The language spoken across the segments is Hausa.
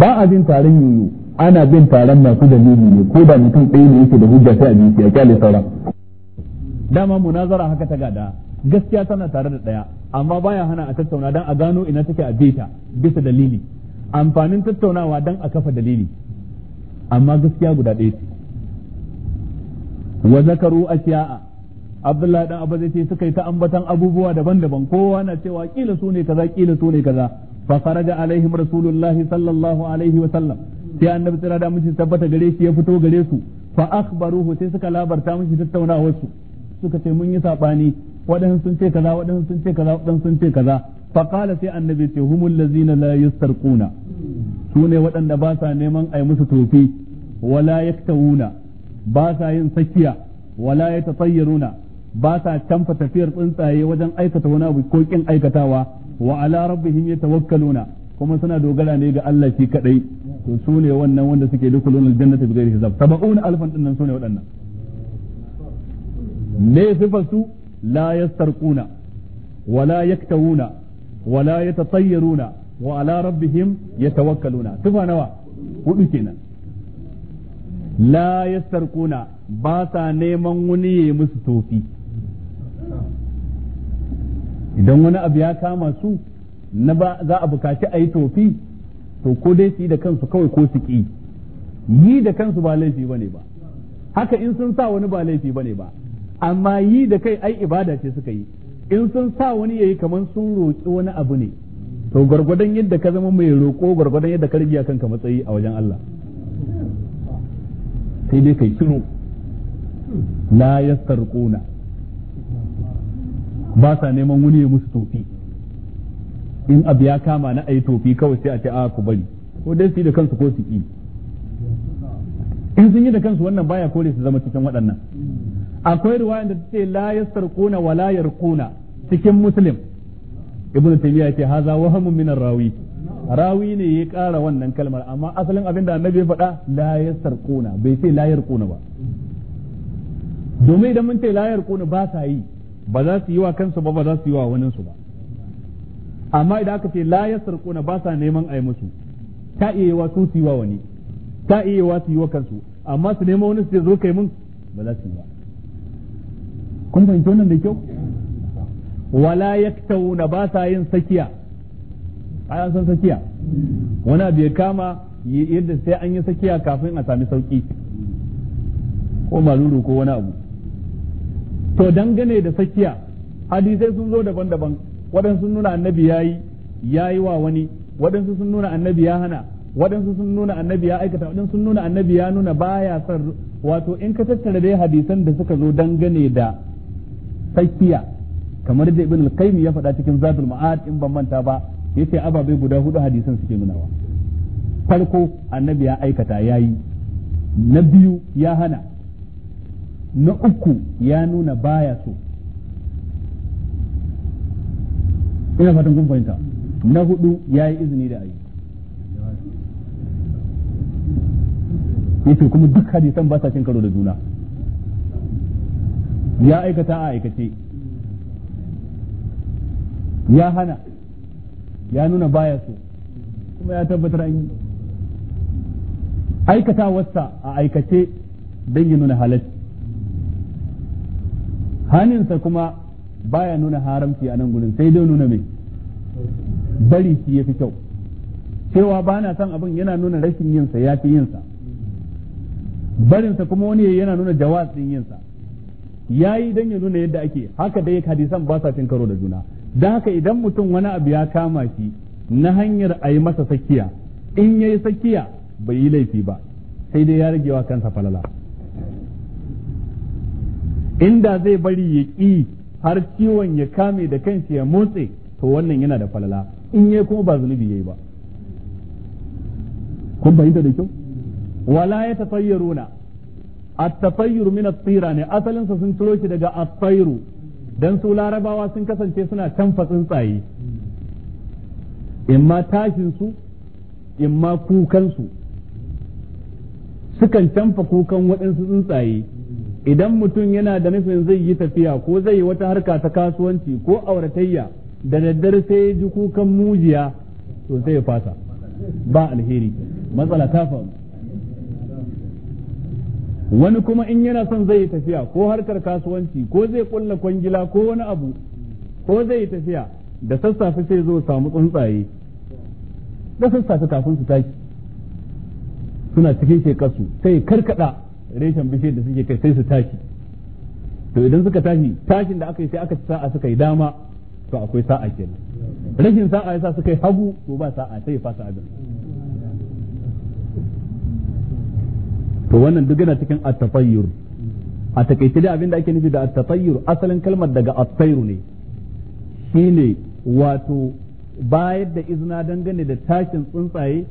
ba a bin taron yoyo ana bin taron masu dalili ne ko da mutum ɗaya ne yake da hujja sai a bi ya kyale saura dama munazara haka ta gada gaskiya tana tare da ɗaya amma baya hana a tattauna dan a gano ina take a beta bisa dalili amfanin tattaunawa dan a kafa dalili amma gaskiya guda ɗaya ce wa zakaru asya'a Abdullahi dan abu zai ce suka yi ta ambatan abubuwa daban-daban kowa na cewa kila su ne kaza kila su ne kaza fa faraja alaihim rasulullahi sallallahu alaihi wa sallam sai annabi tsira da miji tabbata gare ya fito gare su fa akhbaruhu sai suka labarta miji tattaunawar su suka ce mun yi sabani waɗansu sun ce kaza waɗansu sun ce kaza waɗansu sun ce kaza fa sai annabi ce humul ladzina la yastarquna sune waɗanda ba sa neman ai musu tofi wala yaktawuna ba sa yin sakiya wala yatatayyaruna ba sa canfa tafiyar tsuntsaye wajen aikata wani abu aikatawa wa ala rabbihim yatawakkaluna kuma suna dogara ne ga Allah shi kadai to su ne wannan wanda suke dukulun aljannata bi ghairi hisab sab'una alfan din nan su ne waɗannan me sifar su la yastarquna wa la yaktawuna wa la yatatayyaruna wa ala nawa kenan ba sa neman wani ya musu tofi idan wani abu ya kama su na ba za a bukaci a yi tofi to ko dai su yi da kansu kawai ko su ƙi yi da kansu ba laifi ba ne ba haka in sun sa wani ba laifi ba ne ba amma yi da kai ai ibada ce suka yi in sun sa wani ya yi kamar sun roƙi wani abu ne to gwargwadon yadda ka zama mai roƙo gwargwadon yadda ka rigiya kanka matsayi a wajen Allah sai dai kai shiru la yastarquna ba sa neman wani ya musu tofi in abu ya kama na ayi tofi kawai sai a ce a ku bari ko dai su yi da kansu ko su yi in sun yi da kansu wannan baya kore su zama cikin waɗannan akwai ruwayan da ce la yasarquna wa la yarquna cikin muslim ibnu taymiya ce haza wahamun min rawi rawi ne ya ƙara wannan kalmar amma asalin abin da annabi ya faɗa la yasarquna bai ce la yarquna ba domin idan mun ce la yarquna ba sa yi ba za su yi wa kansu ba ba za su yi wa su ba amma idan aka ce la yasrquna ba sa neman a yi musu ta iya yi wa su su yi wa wani ta iya yi wa su yi wa kansu amma su neman wani su zo kai mun ba za su yi ba kun fahimci wannan da kyau wala yaktawuna ba sa yin sakiya ai an san sakiya wani abu ya kama yadda sai an yi sakiya kafin a sami sauki ko maluru ko wani abu to dangane da sakiya hadisai sun zo daban-daban waɗansu sun nuna annabi ya yi wa wani waɗansu sun nuna annabi ya hana waɗansu sun nuna annabi ya aikata waɗansu sun nuna annabi ya nuna baya son wato in ka tattara dai hadisan da suka zo dangane da sakiya kamar da ibn al-qayyim ya faɗa cikin zadul ma'ad in ban manta ba yace ababai guda hudu hadisan suke nunawa farko annabi ya aikata yayi na biyu ya hana na uku ya nuna baya so ina fatan kun fahimta na hudu ya yi izini da ayi yake kuma duk hadisan ba sa cin karo da juna ya aikata a aikace ya hana ya nuna baya so kuma ya tabbatar an yi aikatawarsa a aikace don yi nuna halatta haninsa kuma baya nuna haramci a nan gudun sai dai nuna mai bari shi ya fi kyau cewa ba na son abin yana nuna rashin yinsa ya fi yinsa barinsa kuma wani yana nuna jawaz din yinsa ya yi don ya nuna yadda ake haka dai hadisan ba sa cin karo da juna don haka idan mutum wani abu ya kama shi na hanyar a yi masa sakiya in ya yi sakiya bai yi laifi ba sai dai ya rage wa kansa falala inda zai bari ya ƙi har ciwon ya kame da kansa ya motse to wannan yana da falala in yai kuma ba zunubi yayi ba kun bayyana da kyau wala ya tafayyaruna at-tafayyur min at-tira ne asalin sa sun ciro shi daga at-tayru dan su larabawa sun kasance suna canfa tsuntsaye imma tashin su imma kukan su sukan canfa kukan waɗansu tsuntsaye idan mutum yana da nufin zai yi tafiya ko zai yi wata harka ta kasuwanci ko auratayya da daddare sai ya ji kukan mujiya to sai ya fasa ba alheri matsala ta faru wani kuma in yana son zai yi tafiya ko harkar kasuwanci ko zai kulla kwangila ko wani abu ko zai yi tafiya da sassafe sai zo samu tsuntsaye da sassafe kafin su taki suna cikin shekarsu sai karkada reshen bishiyar da suke kai sai su tashi to idan suka tashi tashin da aka yi sai aka sa'a suka yi dama to akwai sa'a kenan rashin sa'a yasa suka yi hagu to ba sa'a sai ya fasa abin to wannan duk yana cikin at-tatayyur a takaice da abin da ake nufi da at-tatayyur asalin kalmar daga at-tayru ne shine wato bayar da izina dangane da tashin tsuntsaye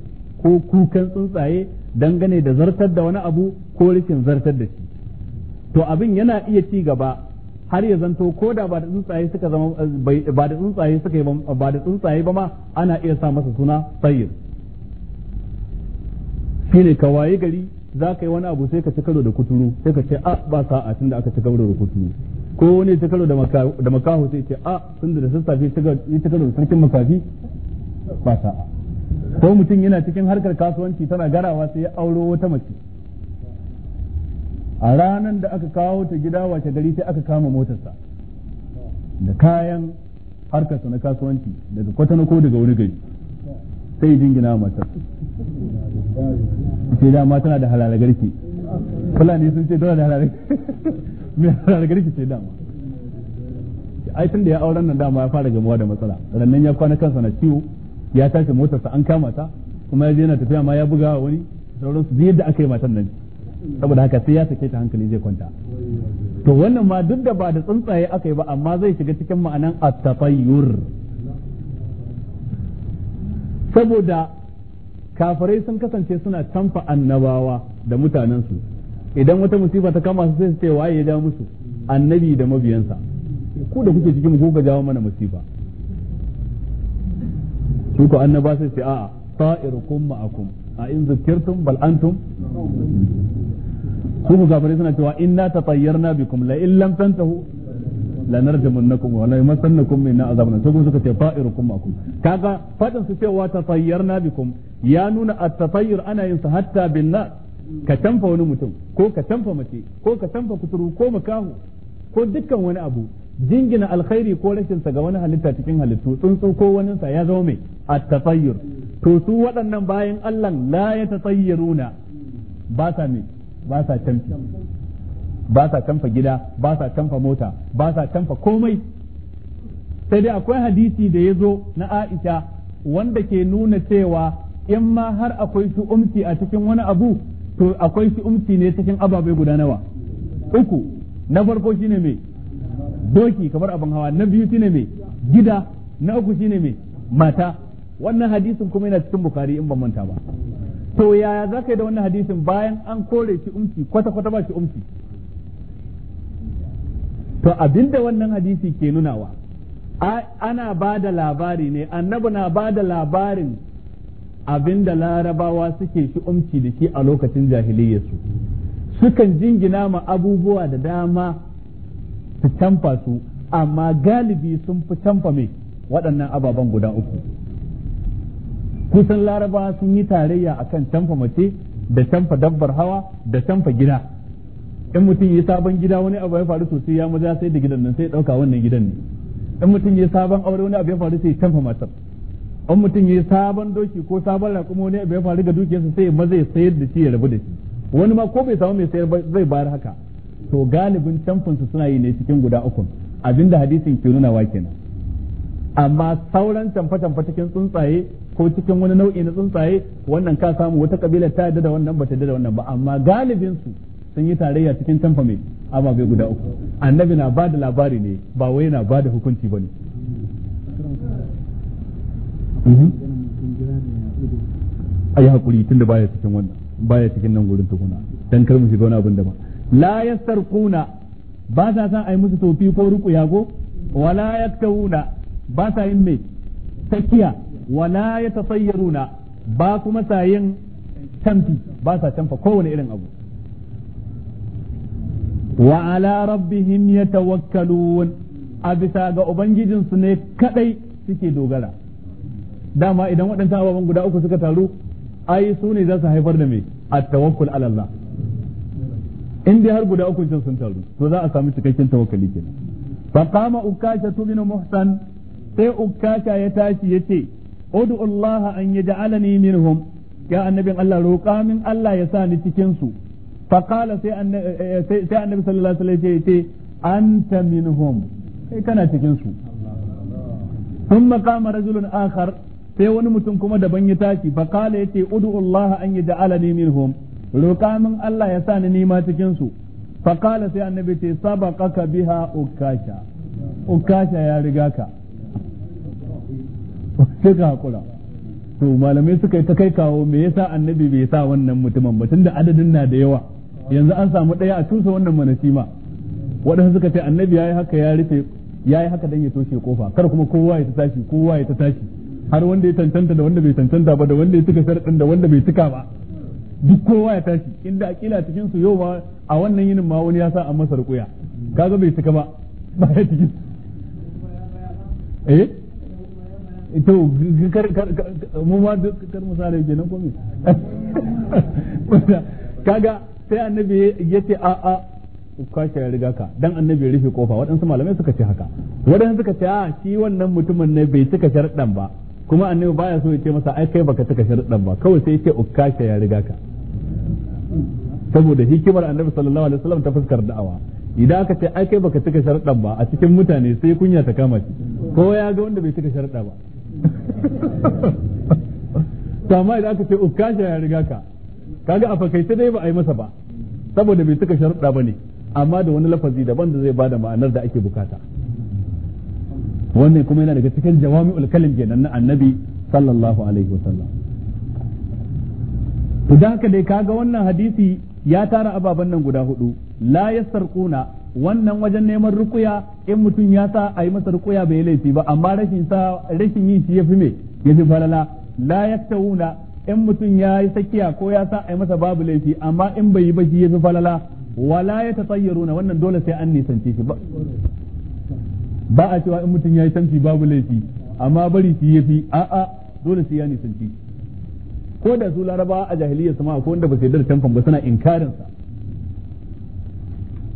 ko kukan tsuntsaye dangane da zartar da wani abu ko rikin zartar da shi to abin yana iya ci gaba har ya zanto ko da ba da tsuntsaye suka zama ba da tsuntsaye suka yi ba da tsuntsaye ba ma ana iya sa masa suna sayyid shine ka waye gari za ka yi wani abu sai ka ci karo da kuturu sai ka ce a ba sa'a tun da aka ci karo da kuturu ko wani ci karo da makaho sai ce a tun da sassafe ya ci karo da sarkin makafi ba sa'a ko mutum yana cikin harkar kasuwanci tana garawa sai ya auro wata mace a ranar da aka kawo ta gida wace gari sai aka kama motarsa da kayan harkarsa na kasuwanci daga kwatanako ko daga wani gari sai jingina matar sai dama tana da halala garki fulani sun ce tana da halala mai halala garki ce dama ai tun da ya auren nan dama ya fara gamuwa da matsala rannan ya kwana kansa na ciwo ya tashi motarsa an kama ta kuma ya je yana tafiya ma ya buga wa wani sauransu duk yadda aka yi matan nan saboda haka sai ya sake ta hankali zai kwanta to wannan ma duk da ba da tsuntsaye aka yi ba amma zai shiga cikin ma'anan at saboda kafirai sun kasance suna tamfa annabawa da mutanensu idan wata musifa ta kama su sai su ce waye ya ja musu annabi da mabiyansa ku da kuke cikin ko ka jawo mana musifa su ko annaba sai ce a'a ta'irukum ma'akum a in zikirtum bal antum su ku kafirai suna cewa inna tatayyarna bikum la in lam tantahu lanarjumunnakum wa la yamassannakum minna azabun su suka ce ta'irukum ma'akum kaga fadin su cewa tatayyarna bikum ya nuna at-tatayyur ana yin sa hatta bin na? ka tamfa wani mutum ko ka tamfa mace ko ka tamfa kuturu ko makahu ko dukkan wani abu jingina alkhairi ko rashin sa ga wani halitta cikin halittu tsuntsu ko wani sa ya zo mai at to su waɗannan bayan Allah la ya tasayyuruna ba sa mai ba sa tamfi ba sa tamfa gida ba sa tamfa mota ba sa tamfa komai sai dai akwai hadisi da ya zo na Aisha wanda ke nuna cewa in ma har akwai su umti a cikin wani abu to akwai su umti ne cikin ababai guda nawa uku na farko shine mai doki kamar abin hawa na biyu shine mai gida na uku shine mai mata wannan hadisin kuma yana cikin bukari in ban manta ba to yaya za ka yi da wannan hadisin bayan an kore shi umci kwata-kwata ba shi umci to abinda wannan hadisi ke nunawa ana ba da labari ne annabi na ba da labarin abinda larabawa suke shi umci da shi a lokacin jahiliyyarsu sukan jingina ma abubuwa da dama su canfa su amma galibi sun fi canfa mai waɗannan ababen guda uku kusan laraba sun yi tarayya akan canfa mace da canfa dabbar hawa da canfa gida in mutum yi sabon gida wani abu ya faru sosai ya maza sai da gidan nan sai ɗauka wannan gidan ne in mutum yi sabon aure wani abu ya faru sai canfa matar in mutum yi sabon doki ko sabon raƙuma wani abu ya faru ga dukiyarsa sai maza ya sayar da shi ya rabu da shi wani ma ko bai samu mai sayar ba zai bayar haka to galibin camfin su suna yi ne cikin guda uku abinda hadisin ke nuna kenan amma sauran tamfa-tamfa cikin tsuntsaye ko cikin wani nau'i na tsuntsaye wannan ka samu wata kabila ta yadda da wannan ba ta yadda da wannan ba amma galibin su sun yi tarayya cikin tamfa mai ababe guda uku annabi na bada labari ne ba wai na bada hukunci bane haƙuri mhm. hakuri tunda baya cikin wannan baya cikin nan gurin tukuna dan kar mu shiga wani abin da ba la yastarquna ba sa san ai musu tofi ko ruku yago wala yaktawuna ba sa yin mai takiya wala yatasayyaruna ba kuma sa yin tamfi ba sa tamfa kowane irin abu wa ala rabbihim yatawakkalun a bisa ga ubangijinsu ne kadai suke dogara dama idan waɗancan ababen guda uku suka taru ai su ne za su haifar da mai at-tawakkul ala Allah in dai har guda ukun can sun taru to za a samu cikakken tawakkali kenan fa qama ukasha bin muhsan sai ukasha ya tashi yace ud'u Allah an yaj'alani minhum ya annabin Allah roƙa min Allah ya sa ni cikin su fa qala eh, eh, sai annabi sallallahu alaihi wasallam yace anta minhum kai kana cikin su thumma qama rajulun akhar sai wani mutum kuma daban ya tashi fa qala yace ud'u Allah an yaj'alani minhum roƙa min Allah ya sa ni nima cikin su fa qala sai annabi ce sabaqaka biha ukasha ukasha ya riga ka sai ka hakura to malamai suka yi ta kai kawo me yasa annabi bai sa wannan mutumin ba tunda adadin na da yawa yanzu an samu ɗaya a tusa wannan ma waɗansu suka ce annabi yayi haka ya rufe yayi haka dan ya toshe kofa kar kuma kowa ya ta tashi kowa ya ta tashi har wanda ya tantanta da wanda bai tantanta ba da wanda ya cika sharɗin da wanda bai cika ba duk kowa ya tashi inda akila cikin su yau ma a wannan yinin ma wani ya sa an masa rukuya kaga bai cika ba ba ya cikin eh to kar kar mu ma duk kar misali kenan ko me kaga sai annabi yace a a kwashe ya riga ka dan annabi rufe kofa waɗansu malamai suka ce haka waɗansu suka ce a shi wannan mutumin ne bai cika sharɗan ba kuma annabi baya so ya ce masa ai kai baka cika sharɗan ba kawai sai ya ce ukkasha ya riga ka saboda hikimar annabi sallallahu alaihi wasallam ta fuskar da'awa idan aka ce ai kai baka cika sharadan ba a cikin mutane sai kunya ta kama shi ko ya ga wanda bai cika sharada ba to amma idan aka ce ukasha ya riga ka kaga a fakaice dai ba a yi masa ba saboda bai cika sharada ba ne amma da wani lafazi daban da zai bada ma'anar da ake bukata wannan kuma yana daga cikin jawami'ul kalim kenan na annabi sallallahu alaihi wasallam to da haka dai kaga wannan hadisi ya tara ababen nan guda hudu la yasarquna wannan wajen neman rukuya in mutum ya sa a yi masa rukuya bai laifi ba amma rashin sa rashin yi shi yafi me yafi falala la yaktawuna in mutum ya yi sakiya ko ya sa a yi masa babu laifi amma in bai yi ba shi yafi falala wala ya tatayyaruna wannan dole sai an nisance shi ba ba a cewa in mutum ya yi tamfi babu laifi amma bari shi yafi a'a dole sai ya nisance shi ko da su laraba a jahiliyyar sama ko wanda ba su yarda tamfan ba suna inkarin sa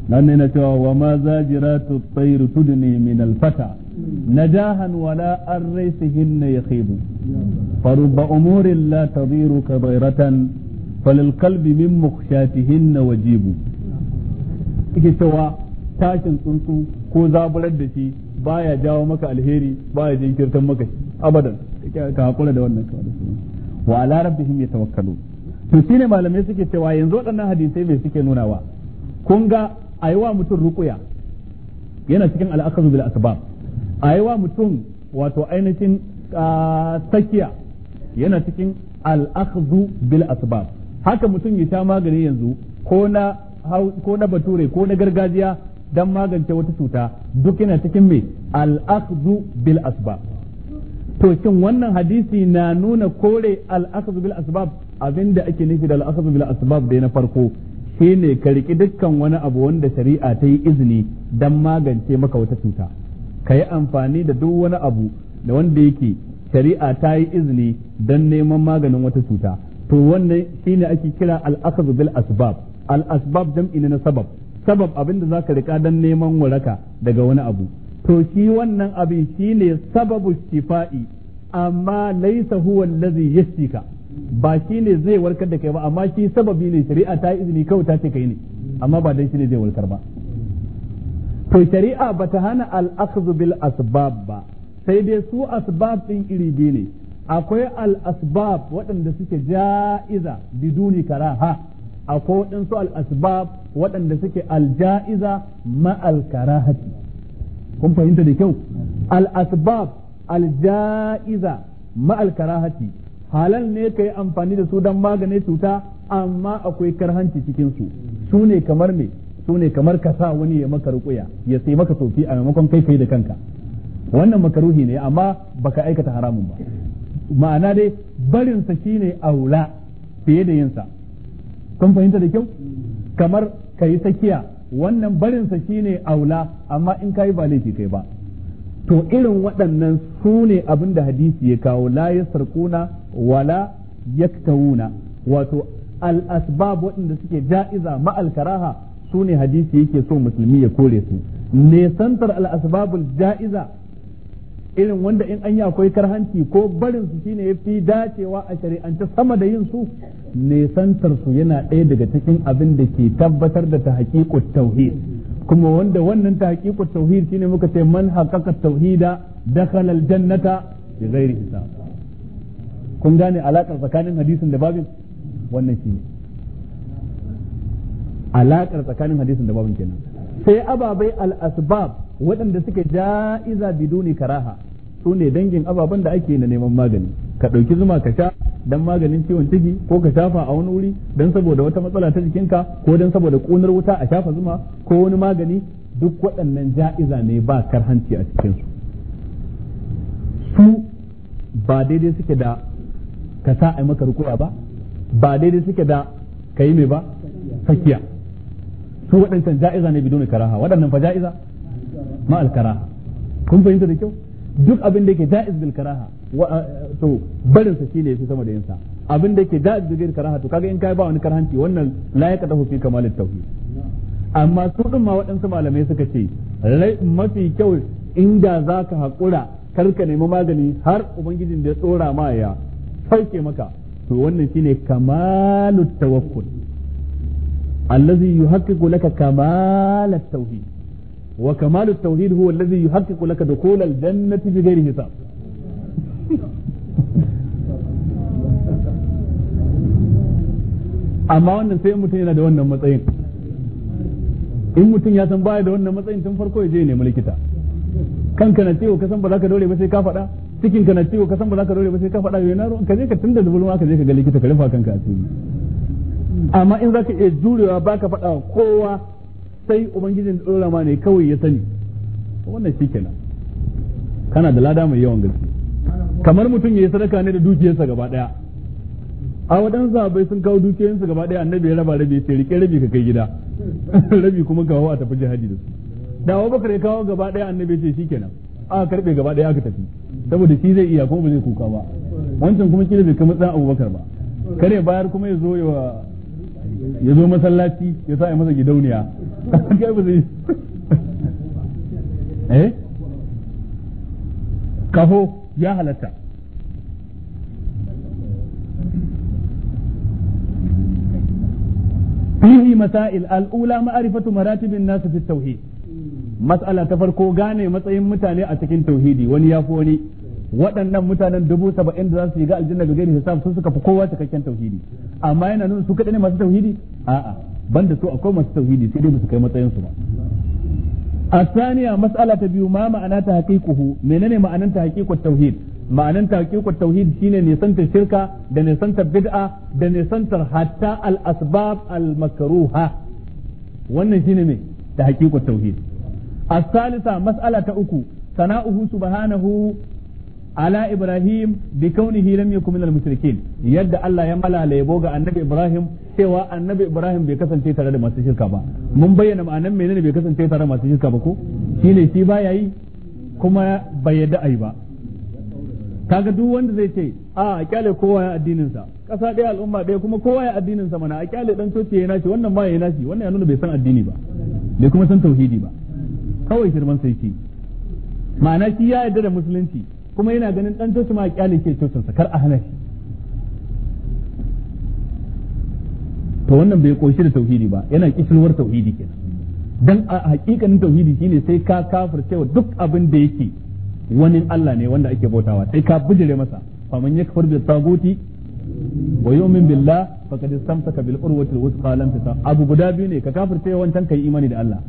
nan ne na cewa wa ma zajiratu tayr tudni min al-fata najahan wala ar-raysihin yakhibu farubba umurin la tadiru ka dairatan falil qalbi min mukhshatihin wajibu yake cewa tashin tsuntsu ko zaburar da shi baya jawo maka alheri baya jinkirtan maka abadan ka hakura da wannan kawai wa ala rabbihim yatawakkalun to shine malamai suke cewa yanzu waɗannan hadisai mai suke nunawa kun ga a yi mutum rukuya yana cikin al'akazu bil asbab a mutum wato ainihin tsakiya yana cikin al'akazu bil asbab haka mutum ya sha magani yanzu ko na ko na bature ko na gargajiya dan magance wata cuta duk yana cikin mai al'akazu bil asbab to kin wannan hadisi na nuna kore al'akhdhu bil asbab abinda ake nufi da al'akhdhu bil asbab dai na farko shine ka riki dukkan wani abu wanda shari'a ta yi izini dan magance maka wata cuta ka yi amfani da duk wani abu da wanda yake shari'a ta yi izini dan neman maganin wata cuta to wannan shine ake kira al'akhdhu bil asbab al asbab jam'i na sabab sabab abinda zaka rika dan neman waraka daga wani abu to shi wannan abin shi ne sababu shifa'i amma laisa huwa allazi yashika ba shi ne zai warkar da kai ba amma shi sababi ne shari'a ta izini kawai ta ce kai ne amma ba dai ne zai warkar ba to shari'a ba ta hana al-akhdhu bil asbab ba sai dai su asbab din iri biyu ne akwai al-asbab waɗanda suke ja'iza biduni karaha akwai waɗansu al-asbab waɗanda suke al-ja'iza ma al-karahati kun fahimta da kyau al asbab al ja'iza ma al karahati halal ne kai amfani da su dan magane cuta amma akwai karhanci cikin su su ne kamar me su ne kamar ka sa wani ya maka ruƙuya ya sai maka sofi a maimakon kai kai da kanka wannan makaruhi ne amma baka aikata haramun ba ma'ana dai barin sa shine aula fiye da yansa kun fahimta da kyau kamar ka yi tsakiya wannan barinsa shine aula amma in kai ba laifi kai ba to irin waɗannan su ne abin da hadisi ya kawo la sarkuna wala yaktawuna wato al asbab waɗanda suke ja'iza ma sune karaha su ne hadisi yake so musulmi ya kore su nesantar al asbabul ja'iza irin wanda in an yi akwai karhanci ko barin su shine yafi dacewa a shari'ance sama da yin su nesantar su yana ɗaya daga cikin abin da ke tabbatar da ta haƙiƙu tauhid kuma wanda wannan ta haƙiƙu tauhid shine muka ce man haƙaƙa tauhida dakhala aljannata bi ghairi hisab kun gane alaƙar tsakanin hadisin da babin wannan shine alaƙar tsakanin hadisin da babin kenan sai ababai al-asbab waɗanda suke ja'iza biduni karaha su ne dangin ababen da ake na neman magani ka ɗauki zuma ka sha dan maganin ciwon ciki ko ka shafa a wani wuri dan saboda wata matsala ta jikinka ko dan saboda ƙunar wuta a shafa zuma ko wani magani duk waɗannan ja'iza ne ba karhanci a cikinsu su ba daidai suke da ka sa a maka rukuya ba ba daidai suke da ka yi mai ba fakiya su waɗancan ja'iza ne bidon karaha waɗannan fa ja'iza ma karaha kun fahimta da kyau duk abin da ke jaiz bil karaha eh, to barin sa shine yafi sama da yinsa abin da ke jaiz bil karaha to kaga in kai ba wani karhanci wannan la ya kadahu fi kamalit tauhid amma su din ma waɗansu malamai suka ce mafi kyau inda zaka hakura kar ka nemi magani har ubangijin da ya tsora ma ya sauke maka to wannan shine kamalut tawakkul allazi yuhaqqiqu laka kamalat tauhid wa kamalu tauhid huwa allazi yuhaqqiqu laka dukhul al-jannati bighairi hisab amma wannan sai mutum yana da wannan matsayin in mutum ya san baya da wannan matsayin tun farko ya je nemi likita kanka na ciwo kasan ba za ka dore ba sai ka faɗa cikin ka na ka kasan ba za ka dore ba sai ka faɗa yana ka je ka tunda da bulma ka je ka ga likita ka rufa kanka a cikin amma in za ka iya jurewa ba ka faɗa kowa sai ubangijin da dora ma ne kawai ya sani wannan shi kenan kana da lada mai yawan gaske kamar mutum ya yi sadaka ne da dukiyarsa gaba daya a waɗansu sahabbai sun kawo dukiyarsa gaba daya annabi ya raba rabi sai rike rabi ka kai gida rabi kuma kawo a tafi jihadi da su da Abubakar ya kawo gaba daya annabi ya shi kenan aka karbe gaba daya aka tafi saboda shi zai iya kuma ba zai kuka ba wancan kuma kila bai kai matsayin Abubakar ba kare bayar kuma ya zo ya zo masallaci ya sa ya masa gidauniya kai ba zai kaho ya halatta fihi masail al'ula ma'arifatu maratibin nasu fi tauhid mas'ala ta farko gane matsayin mutane a cikin tauhidi wani ya wani waɗannan mutanen dubu saba'in da za su yi ga aljanna ga gairi hisab sun suka fi kowa cikakken tauhidi amma yana nuna su kaɗai ne masu tauhidi a'a banda su akwai masu tauhidi sai dai ba su kai matsayin su ba mas'ala ta biyu ma ma'ana ta تحقيقه menene ma'anan hakikar tauhid ma'anan taqiqut tauhid shine nisantar shirka da nisantar bid'a da nisantar hatta al asbab al makruha wannan shine ne taqiqut tauhid a salisa mas'ala ta uku sana'uhu subhanahu ala ibrahim bi kaunihi lam yakun minal mushrikin yadda Allah ya malala yabo ga annabi ibrahim cewa annabi ibrahim bai kasance tare da masu shirka ba mun bayyana ma'anan menene bai kasance tare da masu shirka ba ko shine shi baya yi kuma bai yadda ai ba kaga duk wanda zai ce a a kyale kowa ya addinin sa kasa ɗaya al'umma ɗaya kuma kowa ya addinin sa mana a kyale dan coci ya nashi wannan ma ya nashi wannan ya nuna bai san addini ba bai kuma san tauhidi ba kawai shirman sai ma'ana shi ya yarda da musulunci kuma yana ganin dan coci ma kyale ke cocin sa kar a hana shi to wannan bai koshi da tauhidi ba yana kishilwar tauhidi kenan dan a hakikanin tauhidi shine sai ka kafircewa duk abin da yake wani Allah ne wanda ake bautawa sai ka bijire masa fa man yakfur bi taguti wa yu'min billah faqad istamsaka bil urwati al wuthqa lam tata abu guda biyu ne ka kafircewa wancan kai imani da Allah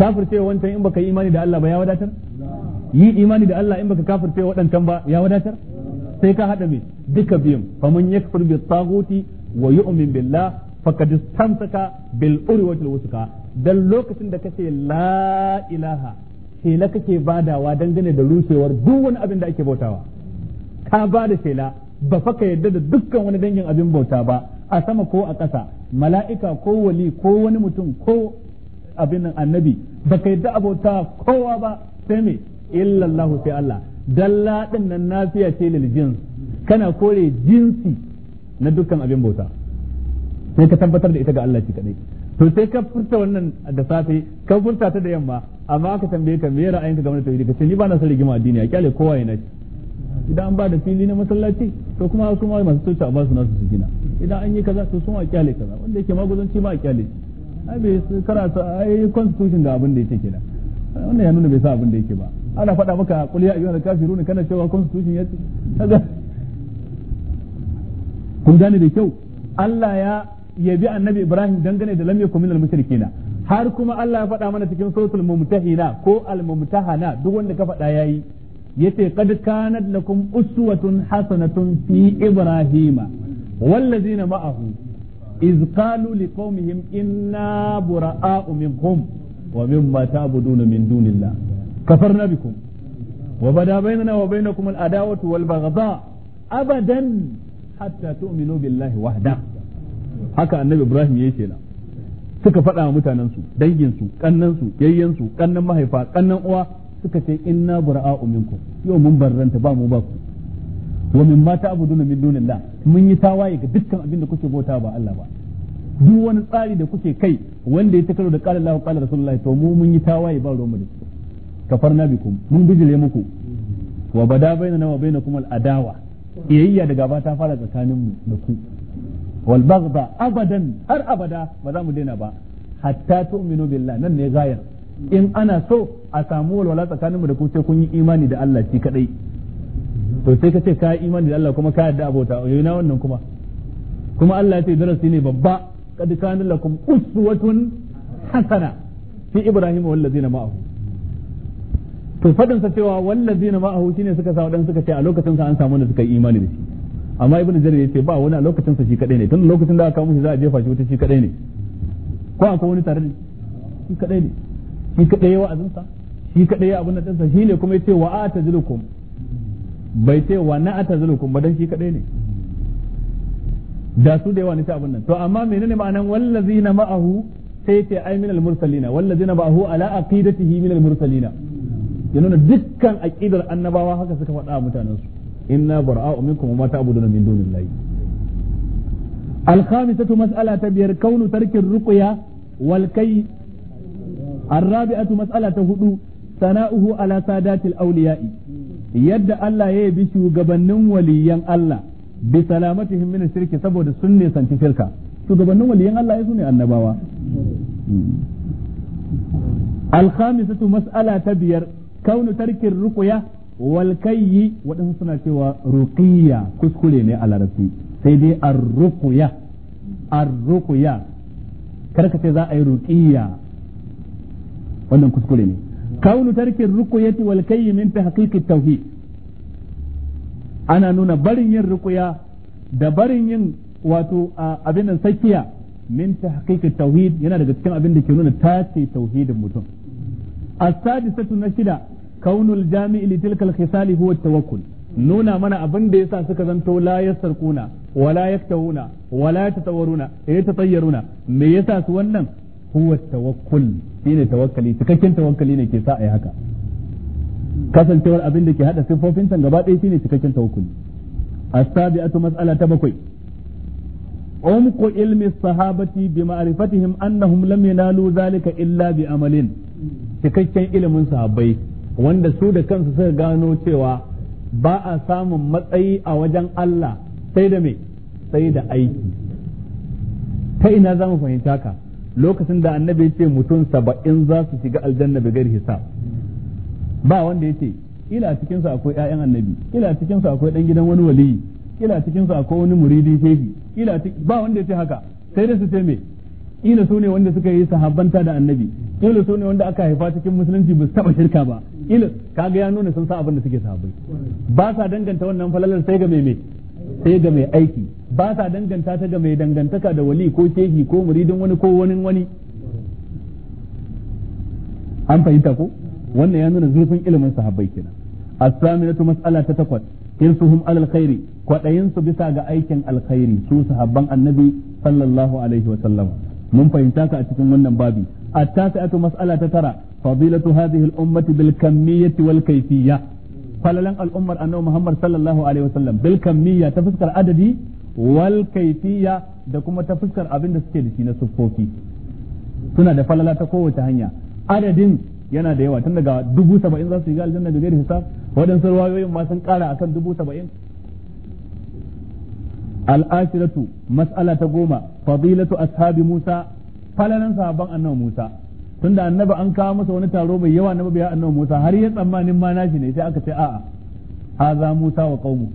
kafircewa wancan in baka yi imani da Allah ba ya wadatar yi imani da Allah in baka kafirce waɗancan ba ya wadatar sai ka haɗa mai duka biyun faman yakfur bi taghuti wa yu'min billah faqad istamsaka bil urwati al dan lokacin da kace la ilaha la kake badawa dangane da rushewar duk wani abin da ake bautawa ka bada shela ba fa yadda da dukkan wani dangin abin bauta ba a sama ko a ƙasa mala'ika ko wali ko wani mutum ko abin annabi ba ka yadda abota kowa ba sai me illa Allah sai Allah dalla din nan nafiya ce lil jins kana kore jinsi na dukkan abin bauta sai ka tabbatar da ita ga Allah shi kadai to sai ka furta wannan da safe ka furta ta da yamma amma aka tambaye ka me ka game da tauhidi ka ce ni ba na son rigima addini a kyale kowa yana ci idan an ba da fili na masallaci to kuma kuma masu toce a basu nasu su gina idan an yi kaza to sun a kyale kaza wanda yake magudanci ma a kyale ai bai karatu ai constitution da abin da yake kenan wannan ya nuna bai sa abin da yake ba ana faɗa maka qul ya ayyuhal kafirun kana cewa constitution ya kaga kun gane da kyau Allah ya yabi annabi Ibrahim dangane da lam yakun minal mushrikina har kuma Allah ya faɗa mana cikin suratul mumtahina ko al mumtahana duk wanda ka faɗa yayi yace qad kanat lakum uswatun hasanatun fi ibrahima wallazina ma'ahu iz qalu liqaumihim inna bura'a'u minkum wa mimma ta'buduna min dunillah kafarna bikum wa bada bainana wa bainakum al-adawatu wal baghdha abadan hatta tu'minu billahi wahda haka annabi Ibrahim ce na. suka faɗa wa mutanen su dangin su kannan su mahaifa kannan uwa suka ce inna bura'a'u minkum yau mun barranta ba mu ba ku wa min ma ta'buduna min dunillah mun yi tawaye ga dukkan abin da kuke bauta ba Allah ba duk wani tsari da kuke kai wanda ya ta karo da qala Allahu qala rasulullahi to mu mun yi tawaye ba ruwan mu kafarna bikum mun bijile muku wa bada bainana wa bainakum al adawa iyayya da gaba ta fara tsakanin mu da ku wal baghdha abadan har abada ba za mu daina ba hatta tu'minu billah nan ne gayar in ana so a samu walwala tsakaninmu da ku sai kun yi imani da Allah shi kadai to sai ka ce ka yi imani da Allah kuma ka yarda abota yau na wannan kuma kuma Allah ya ce darasi ne babba kad kana lakum uswatun hasana fi ibrahim wal ladina ma'ahu to fadin sa cewa wallazina ma'ahu shine suka sa wadan suka ce a lokacin sa an samu da suka yi imani da shi amma ibn jarir yace ba wani a lokacin sa shi kadai ne tun lokacin da aka kawo shi za a jefa shi wuta shi kadai ne ko akwai wani tare shi kadai ne shi kadai ya wa'azin sa shi kadai ya abun da sa shine kuma yace wa atazilukum bai ce wa na atazilukum ba dan shi kadai ne da su da yawa ne ta abun nan to amma menene ma'anan wallazina ma'ahu sai yace ai min al-mursalina wallazina ba'ahu ala aqidatihi min al-mursalina ya nuna dukkan aƙidar annabawa haka suka faɗa a mutanensu inna bara'a umin kuma mata abu da min layi alkhamisatu mas'ala ta biyar kaunu tarkin ruqya wal kai mas'ala ta hudu sana'uhu ala sadatil awliya'i yadda Allah ya yi shugabannin waliyan Allah bi salamatihim min shirki saboda sun ne santi shugabannin waliyan Allah ya sune annabawa hmm. alkhamisatu mas'ala ta biyar kaunu tarkin ruqya wal kayyi wadansu suna cewa ruqiyya kuskure ne a larabci sai dai ar-ruqya ar-ruqya karka ce za a yi ruqiyya wannan kuskure ne kaunu tarkin ruqyati wal kayyi min tahqiqit tauhid ana nuna barin yin ruqya da barin yin wato abin nan sakiya min tahqiqit tauhid yana daga cikin abin da ke nuna tace tauhidin mutum as-sadisatu na shida kaunul jami'i li tilkal khisali huwa nuna mana abin da yasa suka zanto la yasarquna wala yaktawuna wala yatatawaruna yatatayyaruna eh, me yasa su wannan huwa tawakkul shine tawakkali cikakken tawakkali ne ke sa ai haka kasancewar abin da ke haɗa siffofin san gaba ɗaya shine cikakken tawakkuli as-sabi'atu mas'ala ta bakwai umqu ilmi sahabati bi ma'rifatihim him lam yanalu illa bi amalin cikakken ilimin sahabbai wanda su da kansu suka gano cewa ba a samun matsayi a wajen Allah sai da me sai da aiki ta ina za mu fahimta ka lokacin da annabi ya ce mutum saba'in za su shiga aljanna bai gari hisab ba wanda ya ce ila cikinsu akwai ƴaƴan annabi ila cikinsu akwai dan gidan wani waliyi ila cikinsu akwai wani muridi shehi ila ba wanda ya ce haka sai da su ce me kila su ne wanda suka yi sahabbanta da annabi kila su ne wanda aka haifa cikin musulunci ba su taba shirka ba kila kaga ya nuna sun sa abin da suke sahabbai ba sa danganta wannan falalar sai ga mai mai sai ga mai aiki ba sa danganta ta ga mai dangantaka da wali ko shehi ko muridin wani ko wani wani an fahimta ko wannan ya nuna zurfin ilimin sahabbai kenan as-saminatu mas'ala ta takwas hirsuhum alal khairi kwadayin su bisa ga aikin alkhairi su sahabban annabi sallallahu alaihi wa sallam. mun fahimta ka a cikin wannan babi at-tasi'atu mas'ala ta tara fadilatu hadhihi al-ummati bil kamiyyati wal kayfiyya falalan al-ummar annabi Muhammad sallallahu alaihi wasallam bil kamiyya ta fuskar adadi wal kayfiyya da kuma ta fuskar abin da suke da shi na siffofi suna da falala ta kowace hanya adadin yana da yawa tun daga dubu saba'in za su yi aljanna da gairi hisab waɗansu ruwayoyin ma sun ƙara akan dubu saba'in al'ashiratu mas'ala ta goma fadilatu ashabi Musa falalan sahabban annabi Musa tunda annabi an kawo masa wani taro mai yawa na mabiya annabi Musa har ya tsammanin ma nashi ne sai aka ce a'a haza Musa wa qaumuhu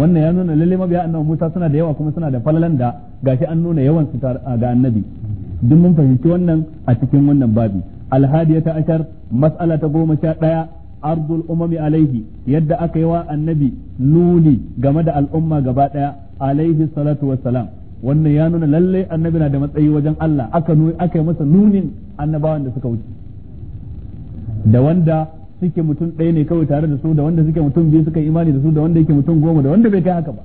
wannan ya nuna lalle mabiya annabi Musa suna da yawa kuma suna da falalan da gashi an nuna yawan su ga annabi duk mun fahimci wannan a cikin wannan babi alhadiyata ashar mas'ala ta goma sha ɗaya ardul umami alaihi yadda aka yi wa annabi nuni game da al'umma gaba daya alaihi salatu wassalam wannan ya nuna lallai annabi na da matsayi wajen Allah aka nuni aka yi masa nunin annabawan da suka wuce da wanda suke mutum ɗaya ne kawai tare da su da wanda suke mutum biyu suka imani da su da wanda yake mutum goma da wanda bai kai haka ba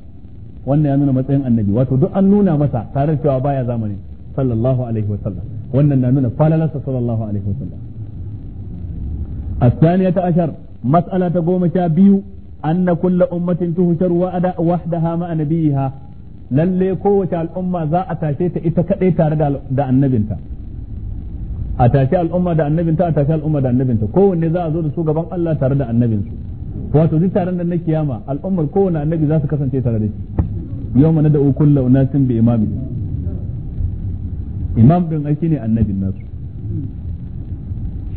wannan ya nuna matsayin annabi wato duk an nuna masa tare da cewa baya zamani sallallahu alaihi wasallam wannan na nuna falalarsa sallallahu alaihi wasallam الثانية عشر مسألة قوم شابيو أن كل أمة تهشر وحدها مع نبيها lalle kowace al'umma za a tashe ta ita kaɗai tare da annabinta a tashe al'umma da annabinta a tashe al'umma da annabinta kowanne za a zo da su gaban Allah tare da annabinsu wato duk taron da na kiyama al'ummar kowanne annabi za su kasance tare da da ukun imam din aiki ne annabin nasu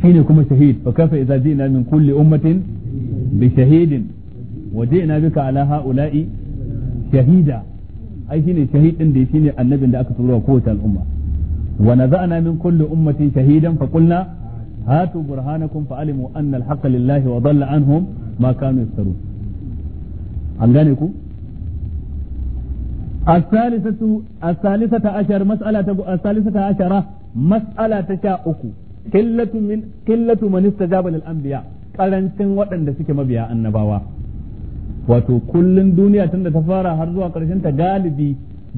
shine kuma shahid fa kafa idza ji'na min kulli ummatin bi shahidin wa ji'na bika ala haula'i shahida ai shine shahid din da shine annabin da aka turo wa kowace al'umma wa naza'na min kulli ummatin shahidan fa qulna hatu burhanakum fa alimu anna al-haqqa lillahi wa dhalla anhum ma kanu yaftarun an gane ku الثالثة الثالثة عشر مسألة الثالثة عشرة مسألة تشاء أكو qillatu min qillatu man istajaba lil anbiya karancin waɗanda suke mabiya annabawa wato kullun duniya tun da ta fara har zuwa ƙarshen ta galibi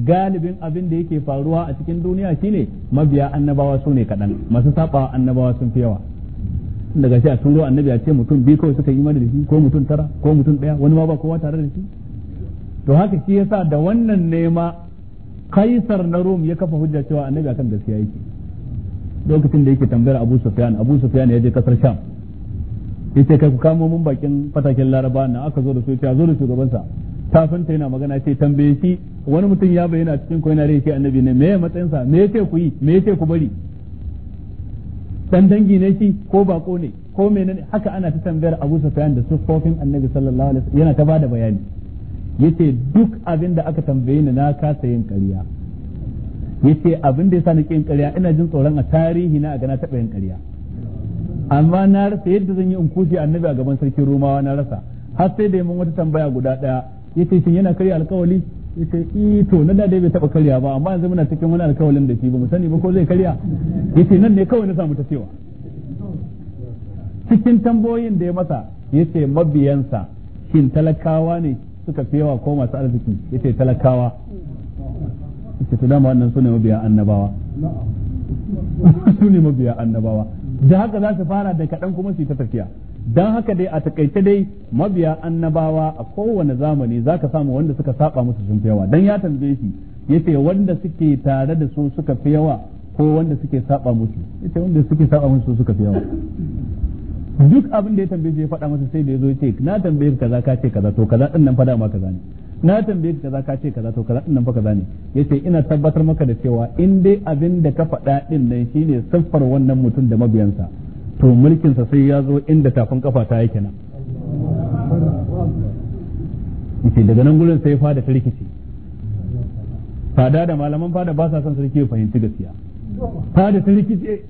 galibin abin da yake faruwa a cikin duniya shine mabiya annabawa su ne kaɗan masu saba annabawa sun fi yawa daga shi a turo annabi a ce mutum biyu kawai suka yi mana da shi ko mutum tara ko mutum ɗaya wani ma ba kowa tare da shi to haka shi yasa da wannan nema kaisar na rom ya kafa hujja cewa annabi akan gaskiya yake lokacin da yake tambayar Abu Sufyan Abu Sufyan ya je kasar Sham yace kai ku kamo mun bakin fatakin Laraba na aka zo da su ya zo da shugaban sa fanta yana magana ce tambaye shi wani mutum ya bayyana cikin ko yana rai annabi ne me matsayin sa me yace ku yi me yace ku bari dan dangi ne shi ko bako ne ko menene haka ana ta tambayar Abu Sufyan da sufofin annabi sallallahu alaihi wasallam yana ta bada bayani yace duk abin da aka tambaye ni na kasa yin ƙarya yace abin da ya sa nake yin ƙarya ina jin tsoron a tarihi na a gana taɓa yin ƙarya amma na rasa yadda zan yi in kushe annabi a gaban sarkin romawa na rasa har sai da yi mun wata tambaya guda ɗaya yace shin yana karya alkawali yace eh to na da bai taɓa karya ba amma yanzu muna cikin wani alkawalin da shi ba mu sani ba ko zai karya yace nan ne kawai na samu ta cewa cikin tambayoyin da ya masa yace mabiyansa shin talakawa ne suka fi yawa ko masu arziki yace talakawa ke to dama wannan sune mabiya annabawa sune mabiya annabawa da haka za su fara da kadan kuma su ta tafiya dan haka dai a takaice dai mabiya annabawa a kowane zamani za ka samu wanda suka saba musu sun fi yawa dan ya tambaye shi yace wanda suke tare da su suka fi yawa ko wanda suke saba musu yace wanda suke saba musu su suka fi yawa duk abin da ya tambaye shi ya faɗa masa sai da ya zo ce na tambaye kaza ka ce kaza to kaza din nan faɗa ma kaza ne na tambaye ka kaza ka ce kaza to kaza nan fa kaza ne yace ina tabbatar maka da cewa in dai abin da ka faɗa din nan shine siffar wannan mutum da mabiyansa to mulkin sa sai ya zo inda tafin kafa ta yake nan yace daga nan gurin sai fada ta rikice fada da malaman fada ba sa son sarki ya fahimci gaskiya fada ta rikice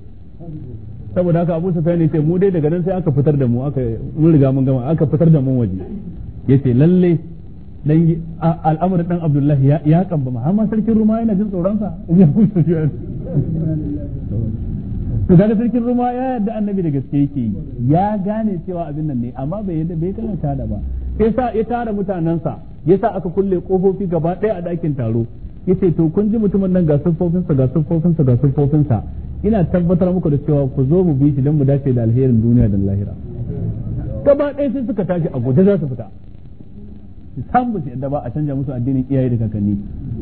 saboda haka Abu Sufyan yace mu dai daga nan sai aka fitar da mu aka mun riga mun gama aka fitar da mu waje yace lalle dan al'amarin dan abdullahi ya kamba ma sarkin ruma yana jin tsoron sa to daga sarkin ruma ya yadda annabi da gaske yake yi ya gane cewa abin nan ne amma bai yadda bai kana tada ba yasa ya tara mutanansa yasa aka kulle kofofi gaba daya a dakin taro yace to kun ji mutumin nan ga siffofinsa ga siffofinsa ga siffofinsa ina tabbatar muku da cewa ku zo mu bi shi dan mu dace da alherin duniya da lahira gaba daya sai suka tashi a guje za su fita san ba su yadda ba a canja musu addinin iyaye da kakanni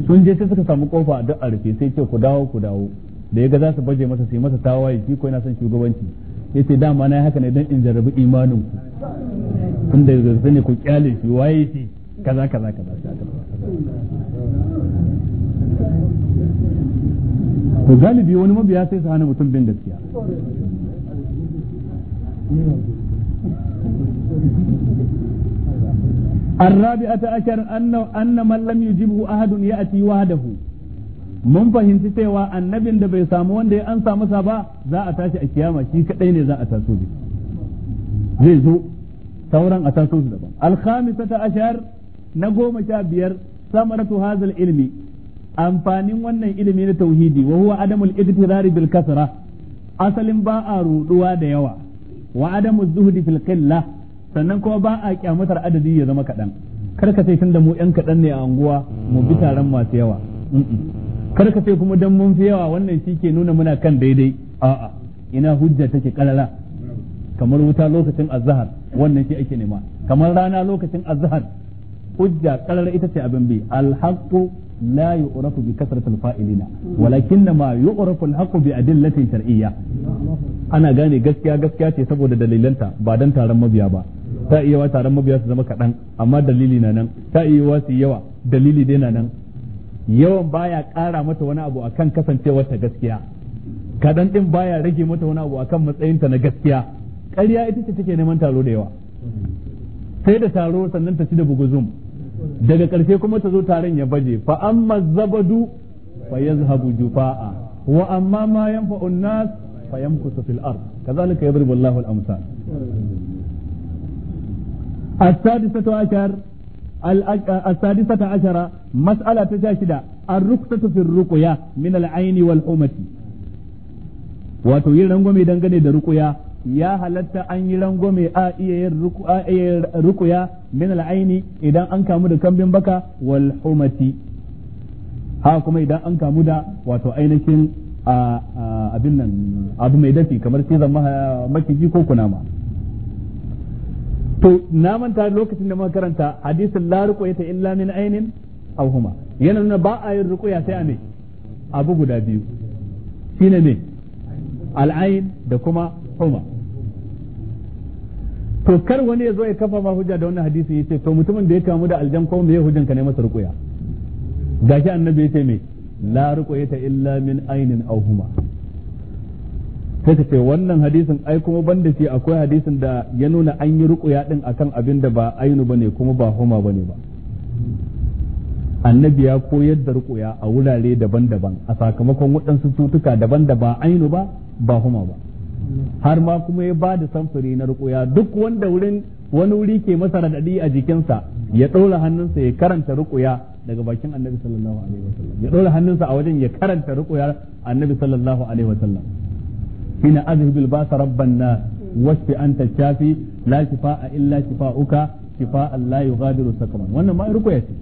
sun je sai suka samu kofa a duk a rufe sai ce ku dawo ku dawo da ya ga za su baje masa sai masa tawaye shi ko yana son shugabanci ya ce dama na haka ne don in jarrabi imanin ku tun da yanzu ne ku kyale shi waye shi kaza kaza kaza to galibi wani mabiya sai su hana mutum bin gaskiya الرابعة عشر أن أن من ya يجبه أحد يأتي وحده mun fahimci cewa annabin da bai samu wanda ya ansa masa ba za a tashi a kiyama shi kadai ne za a taso shi zai zo sauran a taso su daban alkhamisata ashar na goma sha biyar samaratu hazal ilimi amfanin wannan ilimi na tauhidi wa adamu adamul iktirari bil kasra asalin ba a ruduwa da yawa wa adamu zuhdi fil sannan kuma ba a kyamatar adadi ya zama kaɗan kar ka tun da mu yan kaɗan ne a anguwa mu bi taron masu yawa kar ka sai kuma dan mun fi yawa wannan shi ke nuna muna kan daidai a'a ina hujja take ƙarara kamar wuta lokacin azhar wannan shi ake nema kamar rana lokacin azhar hujja ƙarara ita ce abin bi alhaqqu لا يعرف بكثرة الفائلين ولكن alhaku bi الحق بأدلة شرعية Ana gane gaskiya gaskiya ce saboda dalilanta ba dan taron mabiya ba ta iya wa taron mabiya su zama kaɗan amma dalili na nan ta iya wa su yawa dalili dai na nan yawan baya ƙara mata wani abu akan kasancewar ta gaskiya kaɗan ɗin baya rage mata wani abu akan matsayinta na gaskiya ƙarya ita ce take neman taro da yawa sai da taro sannan ta ci da buguzum daga ƙarshe kuma ta zo taron ya baje fa amma zabadu fa yazhabu jufa'a wa amma ma yanfa'un nas fa yamkusu fil ard kazalika yadribu Allahu al-amsal السادسة عشر السادسة عشرة مسألة تشاشدة الرخصة في الرقية من العين والحمة wato yin rangwame dangane da rukuya ya halatta an yi rangwame a iya yin rukuya min al'aini idan an kamu da kambin baka wal humati ha kuma idan an kamu da wato ainihin abu mai dafi kamar cizon maciji ko kunama to na manta lokacin da muka karanta hadisin la ruqyata illa min ainin aw huma yana nuna ba a yin ruqya sai a me abu guda biyu shine me al'ain da kuma huma to kar wani ya zo ya kafa ma hujja da wannan hadisi yace to mutumin da ya kamu da aljan ko me hujjan ka ne masa ruqya gashi annabi yace me la ruqyata illa min ainin aw huma sai ka ce wannan hadisin ai kuma banda shi akwai hadisin da ya nuna an yi ruƙuya din akan abin da ba ainu bane kuma ba homa bane ba annabi ya koyar da ruƙuya a wurare daban-daban a sakamakon waɗansu cutuka daban da ba ainu ba ba homa ba har ma kuma ya ba da samfuri na ruƙuya duk wanda wurin wani wuri ke masa radadi a jikinsa ya ɗora hannunsa ya karanta ruƙuya daga bakin annabi sallallahu alaihi wasallam ya ɗora hannunsa a wajen ya karanta ruƙuya annabi sallallahu alaihi wasallam hina azhib al ba'sa rabban nas washfi anta shafi la shifaa illa shifaa'uka shifaa'an la yughadiru saqaman wannan ma rukuya ce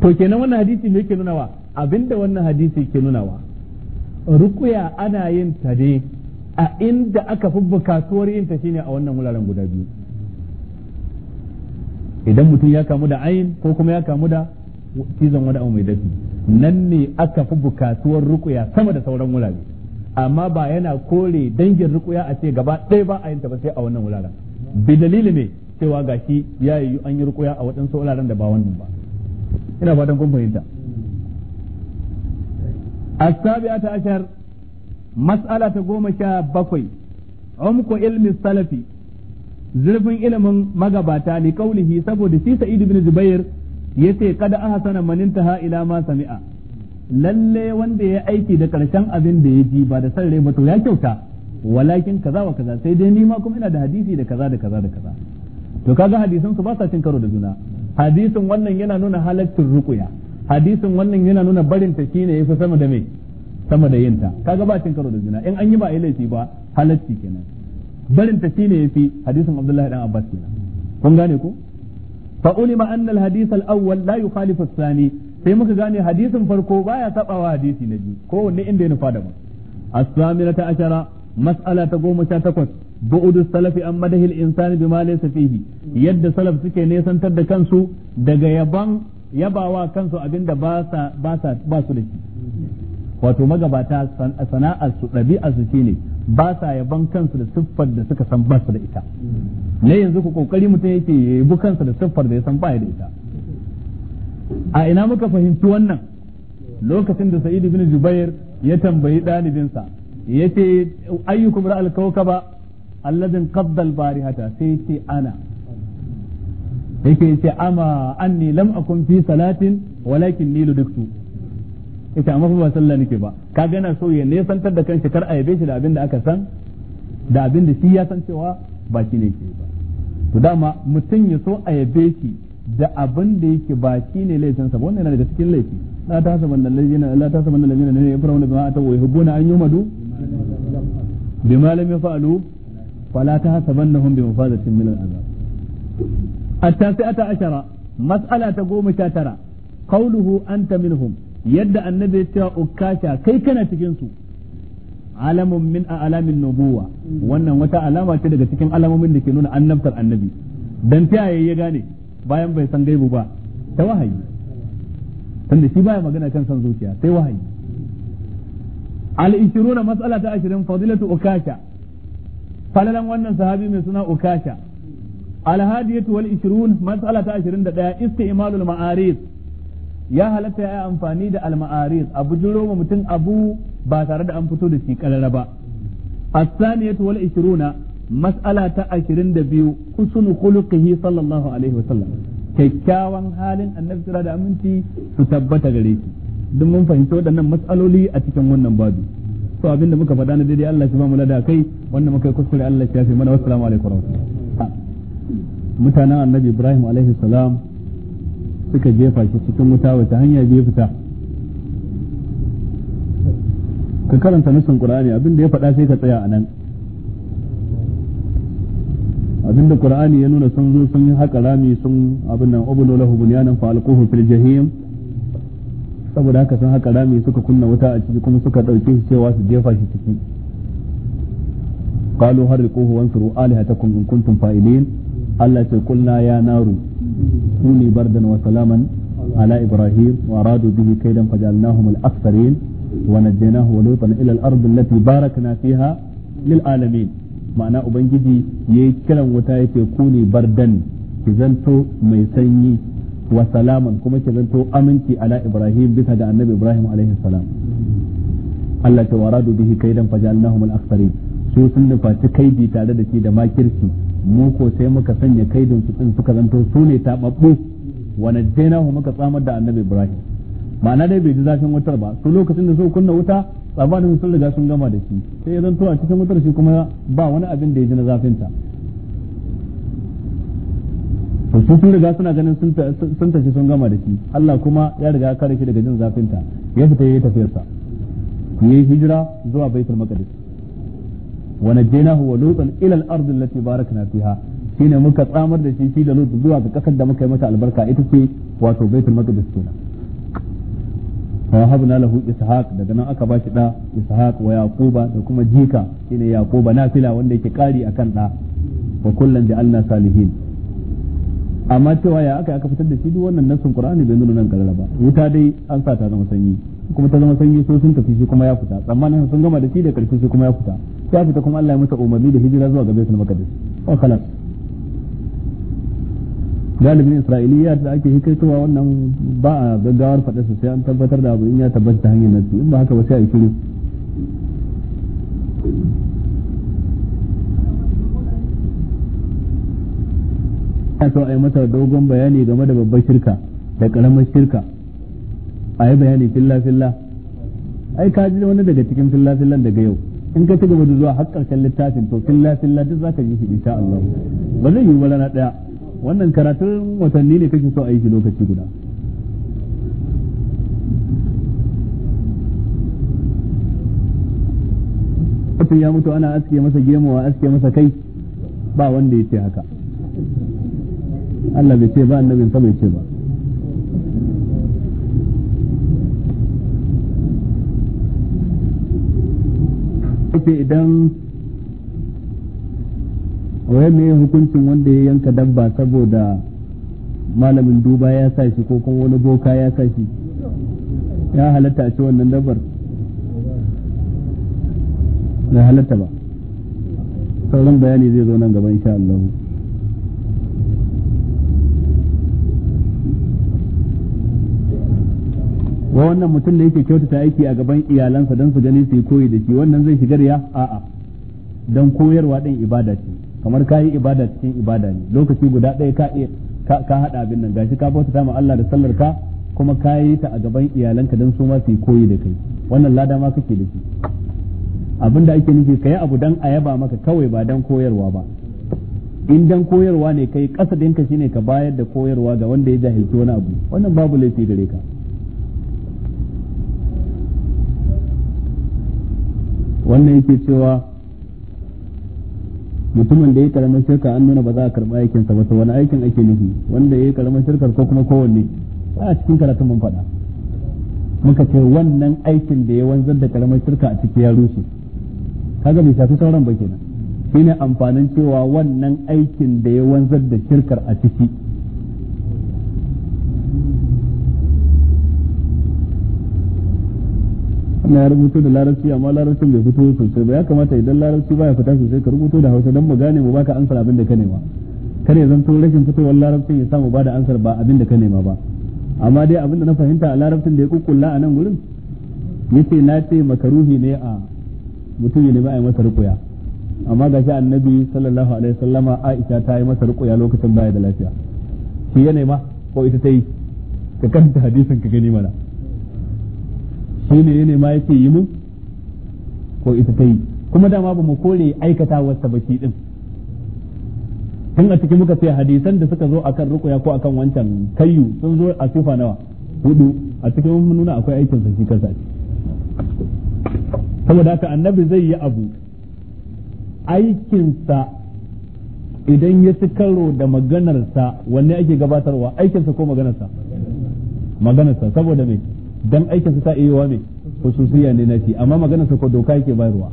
to kenan wannan hadisi me yake nunawa abinda wannan hadisi ke nunawa rukuya ana yin ta a inda aka fi bukatuwar yin shine a wannan wuraren guda biyu idan mutum ya kamu da ayin ko kuma ya kamu da cizon wani abu mai dafi nan ne aka fi bukatuwar rukuya sama da sauran wurare amma ba yana kore dangin rukuya a ce gaba ɗaya ba a yanta ba a wannan wuraren bi dalili ne cewa gashi ya yi an yi rukuya a waɗansu wuraren da ba wannan ba ina fatan kun fahimta asabiya ta ashar matsala ta goma sha bakwai umko ilmi salafi zurfin ilimin magabata ne kaulihi saboda shi Sa'idu bin zubair yace kada sana man intaha ila ma sami'a lalle wanda ya aiki da karshen abin da ya ji ba da san rai ba to ya kyauta walakin kaza wa kaza sai dai ni ma kuma ina da hadisi da kaza da kaza da kaza to kaga hadisan su ba sa cin karo da juna hadisin wannan yana nuna halaccin rukuya hadisin wannan yana nuna barin ta shine yafi sama da me sama da yinta kaga ba cin karo da juna in an yi ba a yi laifi ba halacci kenan barin ta shine yafi hadisin Abdullahi dan Abbas kenan kun gane ko fa ulima anna al hadith al awwal la yukhalifu al thani sai muka gane hadisin farko baya sabawa hadisi na biyu kowanne inda ya nufa daban as ta ashara mas'ala ta goma sha takwas bu'udu salafi an madahil insani bima laysa fihi yadda salaf suke nesantar da kansu daga yaban yabawa kansu abinda ba sa ba sa ba su da shi wato magabata sana'ar su ɗabi'ar su shine ba sa yaban kansu da siffar da suka san ba su da ita ne yanzu ku kokari mutum yake yabu kansa da siffar da ya san ba da ita a ina muka fahimci wannan lokacin da Sa'idu ibn jubair ya tambayi ɗalibinsa ya ce ayyukum ra'al kawkaba alladin qaddal barihata sai ce ana yake ce ama anni lam akun fi salatin walakin nilu duktu ita amma ba sallah nake ba ka gana so ya nesantar da kanshi kar a yabe shi da abin da aka san da abin da shi ya san cewa ba shi ne ke ba to dama mutum ya so a yabe shi da abin da yake baki ne laifin sa wannan yana daga cikin laifi la ta saban da lajina la ta saban da lajina ne yafrahu da ma'a tawu yuhibbuna an yumadu bima lam yafalu fala ta sabannahum bi mafadatin min al'azab at-tasi'ata ashara mas'ala ta goma sha tara qawluhu anta minhum yadda annabi ya cewa ukasha kai kana cikin su alamun min a alamin nubuwa wannan wata alama ce daga cikin alamomin da ke nuna annabtar annabi dan ta yaya ya gane bayan bai san gaibu ba ta wahayi tunda shi baya magana kan san zuciya sai wahayi al-20 mas'ala ta 20 fadilatu ukasha falalan wannan sahabi mai suna ukasha al-hadiyatu wal ishirun mas'ala ta 21 istimalul ma'arif ya halatta ya amfani da al-ma'arif abu jiro mutum abu ba tare da an fito da shi karara ba as-saniyatu wal ishiruna mas'ala ta 22 husnu khuluqihi sallallahu alaihi wasallam kyakkyawan halin annabi sura da aminci su tabbata gare shi duk mun fahimci waɗannan mas'aloli a cikin wannan babu to abin da muka faɗa na daidai Allah shi ba mu lada kai wannan muka yi kuskure Allah shi ya fi mana wassalamu alaikum warahmatullahi mutanen annabi Ibrahim alaihi salam suka jefa shi cikin wuta wata hanya biyu fita ka karanta nasin Qur'ani abin da ya faɗa sai ka tsaya a nan abinda qur'ani ya nuna sun zo sun yi haka rami sun abin nan ubnu lahu bunyanan fa alquhu fil jahim saboda haka sun haka rami suka kunna wuta a ciki kuma suka dauke shi cewa su jefa shi ciki qalu harriquhu wansuru alihatakum in kuntum fa'ilin Allah ce kulna ya naru kuni bardan wa salaman ala ibrahim wa aradu bihi kaidan fajalnahum al-aktharin ونجيناه ولوطا الى الارض التي باركنا lil alamin ma'ana ubangiji yayi kiran wuta ce ku ne bardan ki zanto mai sanyi wa salaman kuma ki zanto aminci ala ibrahim bisa ga annabi ibrahim alaihi salam Allah ta waradu bihi kaidan fajalnahum al-aktharin su sun nufaci kaidi tare da shi da makirci mu ko sai muka sanya kaidin su din suka zanto su ne tababbu wa najjaynahu muka tsamar da annabi ibrahim ma'ana dai bai ji zafin wutar ba su lokacin da su kunna wuta tsabanin sun riga sun gama da shi sai ya zanto a cikin wutar shi kuma ba wani abin da ya ji na zafinta to su sun riga suna ganin sun tafi sun gama da shi Allah kuma ya riga ya kare shi daga jin zafin ya fita yayi tafiyarsa yayi hijira zuwa baitul maqdis wa najaynahu wa lutan ila al-ard allati barakna fiha shine muka tsamar da shi shi da lut zuwa ga kasar da muka yi mata albarka ita ce wato baitul maqdis kenan fa habna lahu ishaq daga nan aka bashi da ishaq wa yaquba da kuma jeka jika shine na fila wanda yake kari akan da wa kullan ja'alna salihin amma cewa ya aka aka fitar da shi duk wannan nassin qur'ani bai nuna nan karara ba wuta dai an sa ta zama sanyi kuma ta zama sanyi so sun tafi shi kuma ya fita tsammanin sun gama da shi da karfi shi kuma ya fita ya fita kuma Allah ya masa umarni da hijira zuwa ga baitul maqdis wa galibin isra'iliya da ake hikaitowa wannan ba a gaggawar faɗa sai an tabbatar da abu in ya tabbata hanyar nasu in ba haka ba sai a yi shiru ya so a yi masa dogon bayani game da babbar shirka da karamar shirka a yi bayani filla-filla ai ka ji wani daga cikin filla-fillan daga yau in ka ci gaba da zuwa har karshen littafin to filla-filla duk za ka ji shi insha Allah ba zai yi wala na ɗaya wannan karatun watanni ne kake so a yi lokaci guda mutum ya mutu ana aske masa wa aske masa kai ba wanda ya ce haka Allah bai ce ba annabin sa bai ce ba idan waye me hukuncin wanda ya yanka dabba saboda malamin duba ya sa shi ko kuma wani boka ya sa shi ya halatta a ci wannan dabbar na halatta ba sauran bayani zai zo nan gaba insha Allah wa wannan mutum da yake kyautata aiki a gaban iyalansa don su gani su yi koyi da shi wannan zai shigar ya a'a don koyarwa ɗin ibada ce kamar ka yi ibada cikin ibada ne lokaci guda ɗaya ka ka haɗa abin nan gashi ka bauta ma Allah da sallar ka kuma ka yi ta a gaban iyalanka don su ma su yi koyi da kai wannan lada ma kake da shi abin da ake nufi ka abu dan a yaba maka kawai ba dan koyarwa ba in dan koyarwa ne kai ƙasa ɗinka shine ka bayar da koyarwa ga wanda ya jahilci wani abu wannan babu laifi gare ka wannan yake cewa mutumin da ya karama shirka an nuna ba za a karba aikin sa ba to wani aikin ake nufi wanda ya karama shirka ko kuma kowanne a cikin karatun mun faɗa muka ce wannan aikin da ya wanzar da karamar shirka a ciki ya rushe kaga bai shafi sauran ba kenan shine amfanin cewa wannan aikin da ya wanzar da shirkar a ciki na ya rubuto da larabci amma larabcin bai fito sosai ba ya kamata idan larabci baya fita sosai ka rubuto da hausa don mu gane mu baka ansar abin da ka nema kar ya zanto rashin fitowar larabcin ya samu bada ansar ba abin da ka nema ba amma dai abin da na fahimta a larabcin da ya kukkulla a nan gurin yace na ce makaruhi ne a mutum ya nemi a yi masa rukuya amma gashi annabi sallallahu alaihi wasallama Aisha ta yi masa rukuya lokacin baya da lafiya shi ya nema ko ita ta yi ka kanta hadisin ka gani mana shi ne ne ma yake yi mun ko ita ta yi kuma dama ba mu kore aikatawar ta baki din tun a ciki muka ce hadisan da suka zo akan rukuya ko akan wancan kayu sun zo a sufa nawa hudu a cikin mun nuna akwai aikin sa shi kansa saboda haka annabi zai yi abu aikinsa idan ya ci karo da maganarsa wanne ake gabatarwa aikinsa ko maganarsa maganarsa saboda me dan aikin su ta iya wa ne hususiya ne na shi amma maganar sa ko doka yake bayarwa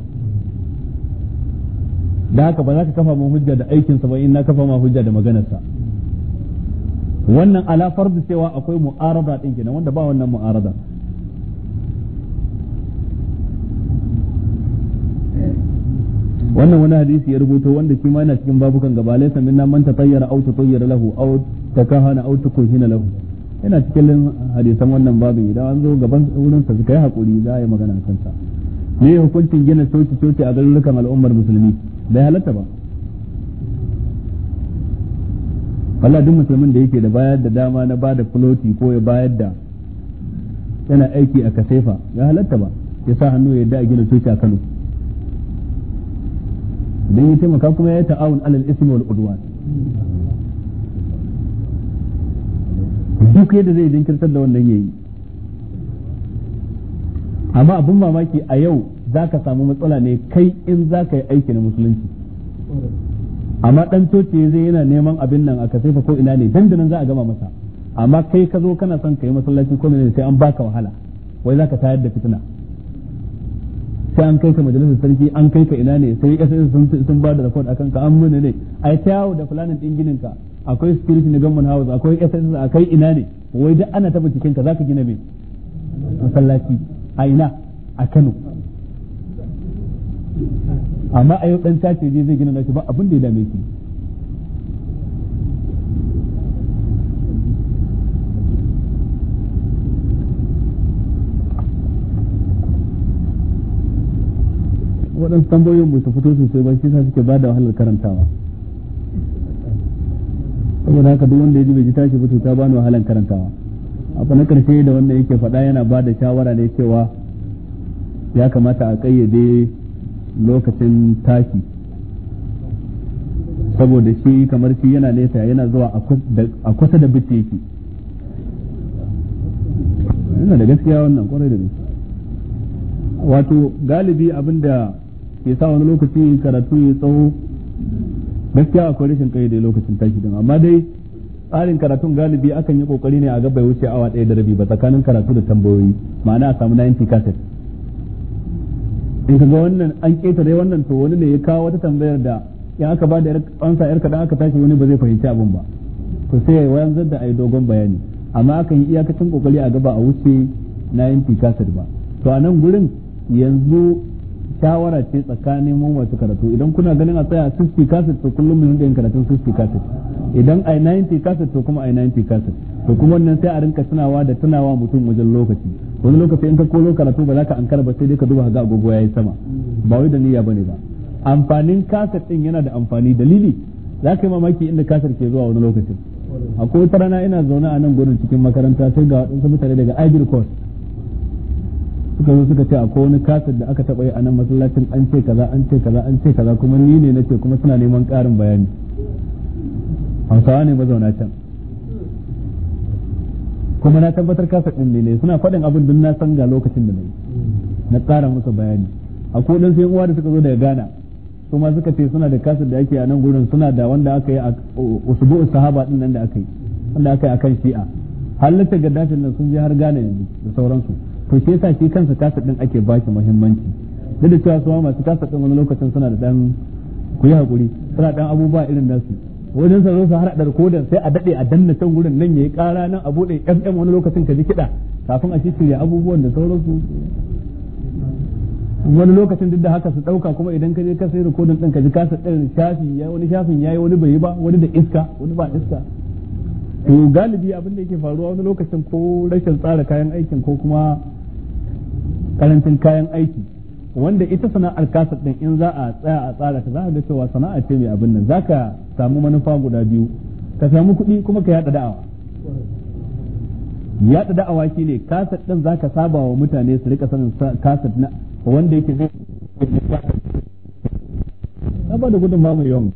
da haka ba za ka kafa mu hujja da aikin sa ba in na kafa ma hujja da maganar sa wannan ala fardu cewa akwai mu'arada din kenan wanda ba wannan mu'arada wannan wani hadisi ya rubuto wanda shi ma yana cikin babukan gaba laysa minna man tatayyara aw tatayyara lahu aw takahana aw tukuhina lahu yana cikin hadisan wannan babin idan an zo gaban wurin sa yi hakuri za a yi magana kan sa me hukuncin gina coci coci a garurukan al'ummar musulmi bai halatta ba Allah duk musulmin da yake da bayar da dama na bada kuloti ko ya bayar da yana aiki a kasefa ya halatta ba ya sa hannu ya da gina coci a Kano idan ya taimaka kuma ya yi ta'awun alal ismi wal udwan duk yadda zai jinkirtar da wannan yayi amma abin mamaki a yau za ka samu matsala ne kai in za ka yi aiki na musulunci amma dan coci zai yana neman abin nan a sai ko ina ne dandanan za a gama masa amma kai ka zo kana son ka yi masallaci ko ne sai an baka wahala wai za ka tayar da fitina sai an kai ka majalisar sarki an kai ka ina ne sai sun ba da rakod akan ka an mune ne ai ta da fulanin ɗin ginin ka akwai security na government house akwai SSS akwai ina ne wai duk ana taba cikin ka zaka gina me masallaci a ina a Kano amma a yau dan tace je zai gina nashi ba abin da ya dame shi waɗansu tambayoyin ba su fito sosai ba shi sa suke ba da wahalar karantawa saboda haka duk wanda ya ji bai ji tashi ba to ta bani wahalan karantawa abu na karshe da wanda yake faɗa yana ba da shawara ne cewa ya kamata a ƙayyade lokacin tashi saboda shi kamar shi yana nesa yana zuwa a kusa da bitti yake yana da gaskiya wannan kwarai da gaske wato galibi abinda ke sa wani lokaci karatu ya tsawo gaskiya akwai rashin kai da lokacin tashi din amma dai tsarin karatun galibi akan yi kokari ne a ga bai wuce awa ɗaya da rabi ba tsakanin karatu da tambayoyi ma'ana a samu 90 kaset in ka ga wannan an dai wannan to wani ne ya kawo wata tambayar da in aka ba da ansa yar kadan aka tashi wani ba zai fahimci abin ba to sai ya wayan da ayi dogon bayani amma akan yi iyakacin kokari a gaba a wuce 90 kaset ba to a nan gurin yanzu shawara ce tsakanin mu masu karatu idan kuna ganin a tsaya 60 kaset to kullum mun yin karatun 60 kaset idan ai 90 kaset to kuma ai 90 kaset to kuma wannan sai a rinka tunawa da tunawa mutum wajen lokaci wani lokaci in ka kolo karatu ba za ka ankara ba sai dai ka duba ga agogo yayi sama ba wai da niyya bane ba amfanin kaset din yana da amfani dalili za ka yi mamaki inda kaset ke zuwa wani lokacin akwai wata rana ina zaune a nan gurin cikin makaranta sai ga wadansu mutane daga Ivory Coast suka zo suka ce akwai wani kasar da aka taɓa yi a nan masallacin an ce kaza an ce kaza an ce kaza kuma ni ne na ce kuma suna neman ƙarin bayani hausawa ne mazauna can kuma na tabbatar kasar ɗin ne suna faɗin abin da na san ga lokacin da na yi na ƙara musu bayani a ɗan sai uwa da suka zo daga Ghana kuma suka ce suna da kasar da ake a nan gurin suna da wanda aka yi a usbu'u sahaba ɗin nan da aka yi wanda aka yi kan shi'a halatta gaddafin nan sun je har Ghana yanzu da sauransu to shi yasa shi kansa kasa din ake ba shi muhimmanci duk da cewa su masu kasa din wani lokacin suna da dan ku yi hakuri suna dan abubuwa irin nasu wajen sa su har da rikodar sai a dade a danna can gurin nan yayi kara nan a buɗe FM wani lokacin ka ji kida kafin a shirya abubuwan da sauransu wani lokacin duk da haka su dauka kuma idan ka je ka sai rikodin din ka ji kasa din shafi ya wani shafin yayi wani bai yi ba wani da iska wani ba iska to galibi abin da yake faruwa wani lokacin ko rashin tsara kayan aikin ko kuma karancin kayan aiki wanda ita sana'ar kasar ɗin in za a tsaya a tsara ta za ka ga cewa sana'a ce mai abin nan za ka samu manufa guda biyu ka samu kuɗi kuma ka yada da'awa yada da'awa ne kasar din ka saba wa mutane su rika sanin kasar na wanda yake zai ba da gudun mai yawan